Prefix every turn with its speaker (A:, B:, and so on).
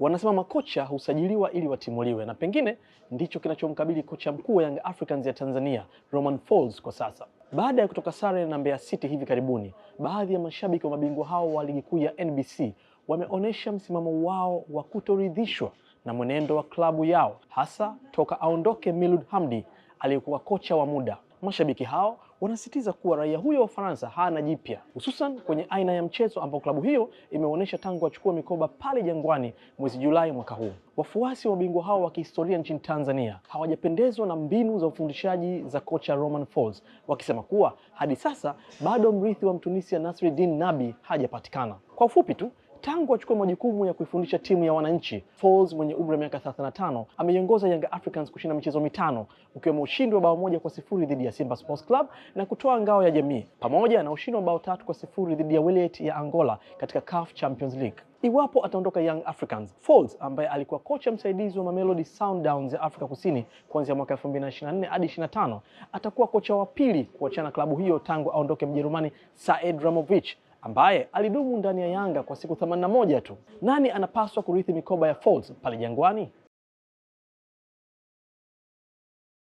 A: wanasema makocha husajiliwa ili watimuliwe, na pengine ndicho kinachomkabili kocha mkuu wa Young Africans ya Tanzania Romain Folz kwa sasa. Baada ya kutoka sare na Mbeya City hivi karibuni, baadhi ya mashabiki wa mabingwa hao wa ligi kuu ya NBC wameonyesha msimamo wao wa kutoridhishwa na mwenendo wa klabu yao, hasa toka aondoke Milud Hamdi aliyekuwa kocha wa muda. Mashabiki hao wanasisitiza kuwa raia huyo wa Ufaransa hana jipya, hususan kwenye aina ya mchezo ambao klabu hiyo imeonyesha tangu achukua mikoba pale Jangwani mwezi Julai mwaka huu. Wafuasi wa bingwa hao wa kihistoria nchini Tanzania hawajapendezwa na mbinu za ufundishaji za kocha Romain Folz, wakisema kuwa hadi sasa bado mrithi wa Mtunisia Nasreddine Nabi hajapatikana. Kwa ufupi tu Tangu achukua majukumu ya kuifundisha timu ya wananchi, Falls mwenye umri wa miaka 35 ameiongoza Young Africans kushinda michezo mitano ukiwemo ushindi wa bao moja kwa sifuri dhidi ya Simba Sports Club na kutoa ngao ya jamii pamoja na ushindi wa bao tatu kwa sifuri dhidi ya Wiliete ya Angola katika CAF Champions League. Iwapo ataondoka Young Africans, Falls ambaye alikuwa kocha msaidizi wa Mamelodi Sundowns ya Afrika Kusini kuanzia mwaka 2024 hadi 25 atakuwa kocha wa pili kuachana klabu hiyo tangu aondoke Mjerumani Saad Ramovic ambaye alidumu ndani ya Yanga kwa siku 81 tu. Nani anapaswa kurithi mikoba ya Folz pale Jangwani?